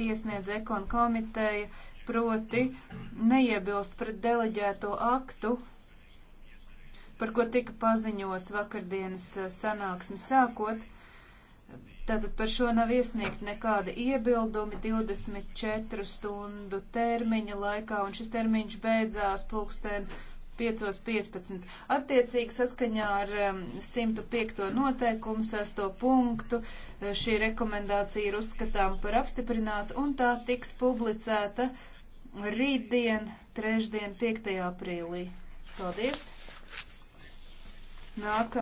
iesniedz ekon komiteja, proti neiebilst pret deleģēto aktu, par ko tika paziņots vakardienas eh, sanāksmi sākot. Tātad par šo nav iesniegt nekāda iebildumi 24 stundu termiņa laikā, un šis termiņš beidzās pulksten 18.00. 5.15. Attiecīgi saskaņā ar 105. Um, noteikumu 6. punktu uh, šī rekomendācija ir uzskatām par apstiprinātu un tā tiks publicēta rītdien, trešdien, 5. aprīlī. Paldies! Nākamā.